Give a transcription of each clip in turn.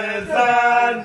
Thank you.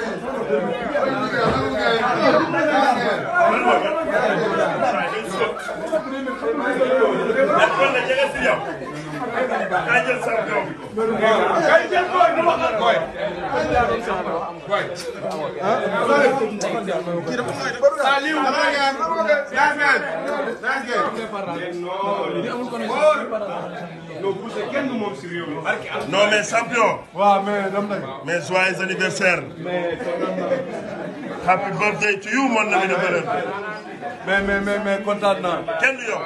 Thank you. daa jël sa doom. kay jël booy bu waxal booy. booy. Saliou. Daniel. non mais champion. waaw mais dama lay. mais joyeux anniversaire. happy birthday to you mon ami de mais mais mais mais kontaan naa. kenn du yow.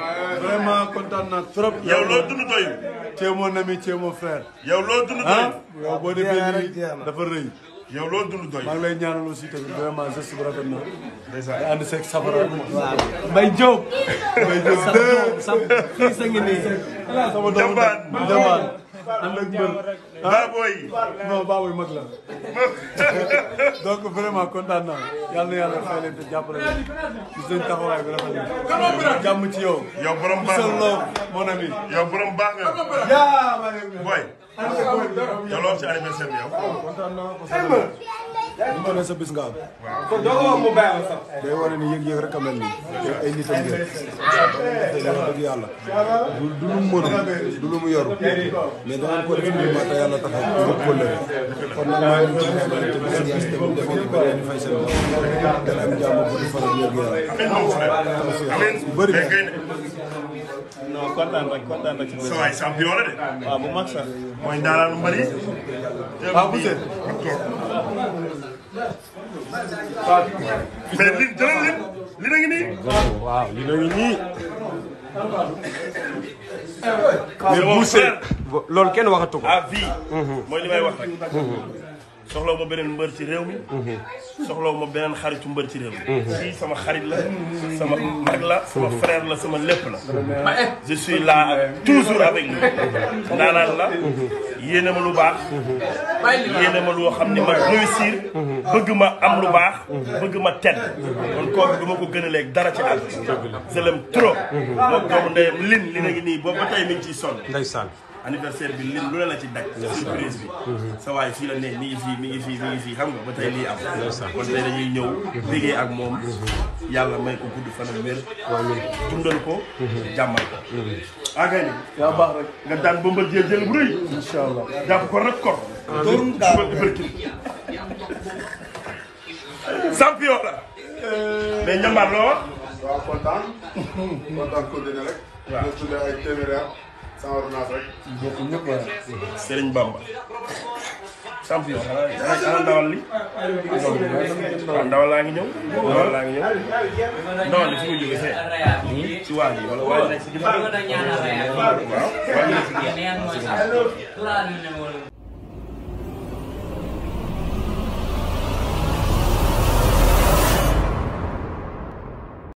vraiment kontaan naa trop. yow loo dund doyul. tu es mon ami yow loo dund doyul. ah yow boo defee nii dafa rëy. yow loo dund doy. maa ngi lay ñaanal aussi tamit vraiment geste bu rafet na. ndeysaan nga ànd seeg safara. waaw Mbaye Diop. Mbaye Diop deux. sama fils a ànd ak mbër ah, baabooy non baabooy mag la donc vraiment kontaan naa yàlla na yàlla fay leen te jàppale leen gis nañ taxawaay bi rafet na jàmm ci yow yow borom baax nga mon ami yow borom baax nga yaa ma ne booy te loolu ci anniversaire bi yow kontaan naa li ma ne sa bis nga am. waaw kon doo ko wax mu bàyyi sax. day wane ni yëg-yëg rek a mel nii. ay nit a ngeen. dëgg yàlla. du du lu mu mënul du lu mu yor. mais da ko def ni ma te yàlla tax a ko kóllëre. kon nag maa ngi ci xamante ni seen yaas tamit defee ci bëri fay seen bopp. dana am jàmm bu di faral yëg yàlla. bu bëri non kontaan rek kontaan rek. sa waay champion la de. waaw bu mag sax. mooy ndaalaanu mbali. waaw bu li jëlal lim li kenn waxatu ko. ah mooy li may wax soxlaw ma beneen mbër ci réew mi. Mhm. soxlaw ma beneen xaritu mbër ci réew mi. kii mhm. sama xarit la sama mag la sama mhm. frère la sama lépp la. je suis là toujours avec lui. ndaanaan la. yéene ma lu baax. yéene ma loo xam ne ma réussir. bëgg ma am lu baax. bëgg ma tedd. kon kooku du ma ko gën a dara ci àll. je l'aime trop. moom doomu ndeyam lin li nga nii boobu ba tey mi ngi anniversaire bi lim lu la la ci daj. surprise bi. Mhm. sa waay fii la ne mi ngi fii mi ngi fii xam nga ba tey lii am. kon tey dañuy ñëw. Mhm. liggéey ak moom. Mhm. yàlla may ko gudd fan ak wér. dundal ko. jàmmal ko. ah kay yaa baax rek nga daan bëmbal jël jël bu rëy. incha allah ko rek kor. amiin champion la. Euh, mais sama ordonnance rek. bokk Bamba. champion xanaa li. ndawal laa ngi ñëw. ndawal li fi ji wala waa